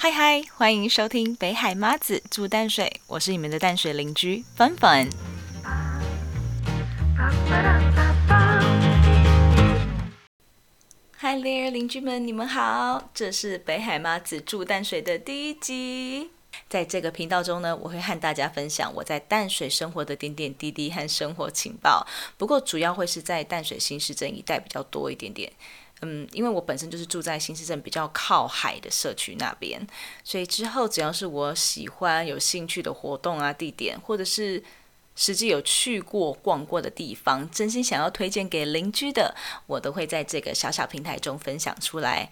嗨嗨，hi hi, 歡迎收聽《北海媽子住淡水》，我是你們的淡水鄰居芬芬。嗨，鄰鄰居們，你們好！這是《北海媽子住淡水》的第一集。在這個頻道中呢，我會和大家分享我在淡水生活的點點滴滴和生活情報。不過，主要會是在淡水新市鎮一帶比較多一點點。嗯，因為我本身就是住在新市鎮比較靠海的社區那邊，所以之後只要是我喜歡、有興趣的活動啊、地點，或者是實際有去過、逛過的地方，真心想要推薦給鄰居的，我都會在這個小小平台中分享出來。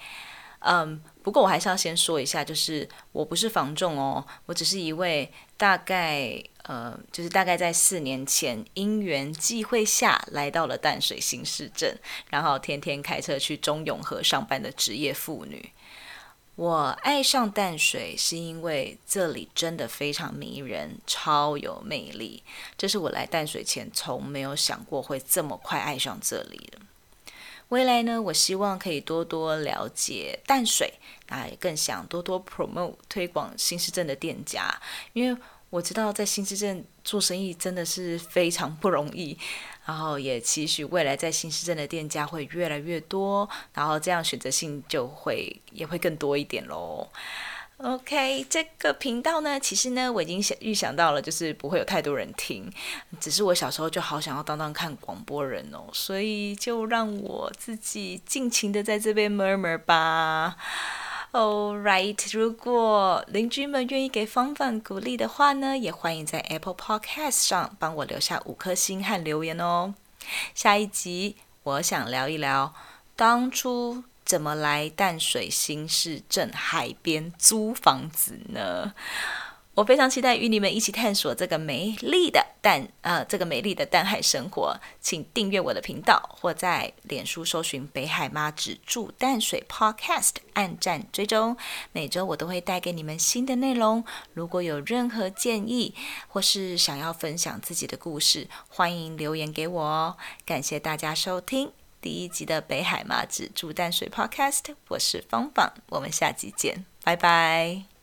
嗯，um, 不過我還是要先說一下，就是我不是房仲哦，我只是一位大概呃，就是大概在四年前因緣際會下來到了淡水新市鎮，然後天天開車去中永和上班的職業婦女。我愛上淡水，是因為這裡真的非常迷人，超有魅力。這是我來淡水前從沒有想過會這麼快愛上這裡的。未來呢，我希望可以多多了解淡水，啊，更想多多 promote 推廣新市鎮的店家，因為我知道在新市鎮做生意真的是非常不容易，然後也期許未來在新市鎮的店家會越來越多，然後這樣選擇性就會也會更多一點咯。OK，這個頻道呢，其實呢，我已經想預想到了，就是不會有太多人聽。只是我小時候就好想要當當看廣播人哦，所以就讓我自己盡情的在這邊 murmur 吧。All right，如果鄰居們願意給芳芳鼓勵的話呢，也歡迎在 Apple Podcast 上幫我留下五顆星和留言哦。下一集我想聊一聊當初。怎麼來淡水新市鎮海邊租房子呢？我非常期待與你們一起探索這個美麗的淡呃這個美麗的淡海生活。請訂閱我的頻道，或在臉書搜尋“北海媽子住淡水 Podcast” 按讚追蹤。每周我都會帶給你們新的內容。如果有任何建議，或是想要分享自己的故事，歡迎留言給我哦。感謝大家收聽。第一集的北海媽子住淡水 Podcast，我是芳芳，我們下集見，拜拜。